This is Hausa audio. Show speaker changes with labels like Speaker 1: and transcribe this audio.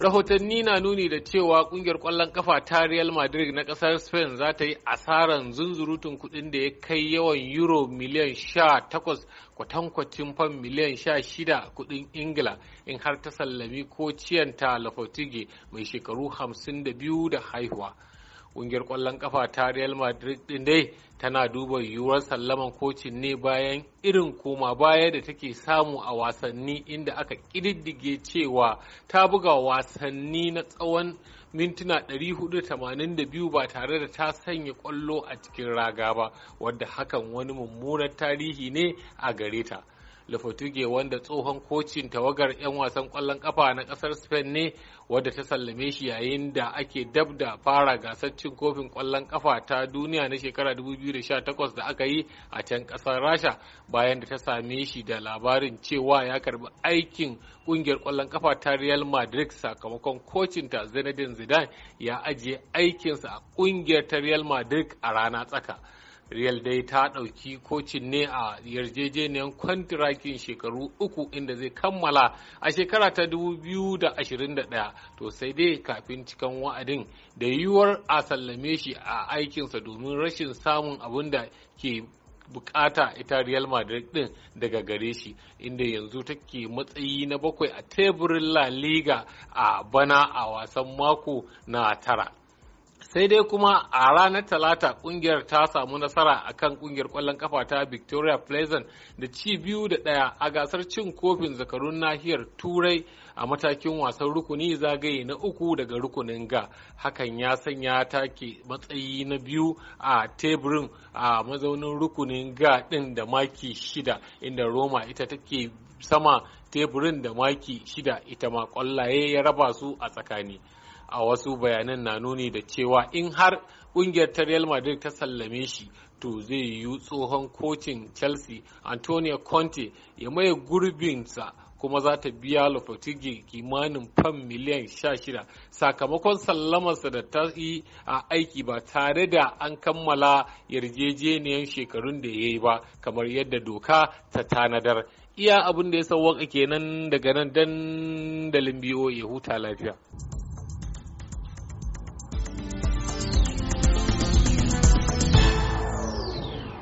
Speaker 1: rahotanni na nuni da cewa kungiyar kwallon kafa ta real madrid na kasar spain za ta yi asaran zunzurutun kudin da ya kai yawan euro miliyan sha takwas kwatankwacin fam miliyan sha shida kudin ingila in har ta sallami ko ciyanta lafotige mai shekaru hamsin da biyu da haihuwa ƙungiyar ƙwallon kafa ta real madrid ɗin dai tana duba yiwuwar sallaman kocin ne bayan irin koma baya da take samu a wasanni inda aka ƙididdige cewa ta buga wasanni na tsawon mintuna 482 ba tare da ta sanya kwallo a cikin raga ba wadda hakan wani mummunar tarihi ne a gare ta. Lopetegui wanda tsohon kocin tawagar 'yan wasan kwallon kafa na kasar Spain ne wadda ta sallame shi yayin da ake dab da fara gasar cin kofin kwallon kafa ta duniya na shekara 2018 da aka yi a can kasar Rasha bayan da ta same shi da labarin cewa ya karbi aikin kungiyar kwallon kafa ta Real Madrid sakamakon kocin ta Zinedine Zidane ya ajiye aikinsa a kungiyar ta Real Madrid a rana tsaka. Real dai ta ɗauki kocin ne a yarjejeniyar kwantirakin shekaru uku inda zai kammala a shekara ta 2021 to sai dai kafin cikan wa'adin da yiwuwar a sallame shi a aikinsa domin rashin samun abin da ke bukata ita Real Madrid din daga gare shi inda yanzu take matsayi na bakwai a teburin La Liga a bana a wasan mako na tara. sai dai kuma a ranar talata kungiyar ta samu nasara a kan kungiyar kwallon kafa ta victoria pleasant da ci biyu da daya a gasar cin kofin zakarun nahiyar turai a matakin wasan rukuni zagaye na uku daga rukunin ga hakan ya sanya take matsayi na biyu a teburin a mazaunin rukunin ga din da maki shida inda roma ita take sama teburin da maki shida ita ma kwallaye ya raba su a tsakani a wasu bayanan na nuni da cewa in har kungiyar ta Real Madrid ta sallame shi to zai yi tsohon kocin Chelsea Antonio Conte ya maye gurbinsa kuma za ta biya Lopetegui kimanin fam miliyan 16 sakamakon sallamarsa da ta yi a aiki ba tare da an kammala yarjejeniyar shekarun da ya yi ba kamar yadda doka ta tanadar iya abin da ya sauwaka kenan daga nan dandalin BOA huta lafiya.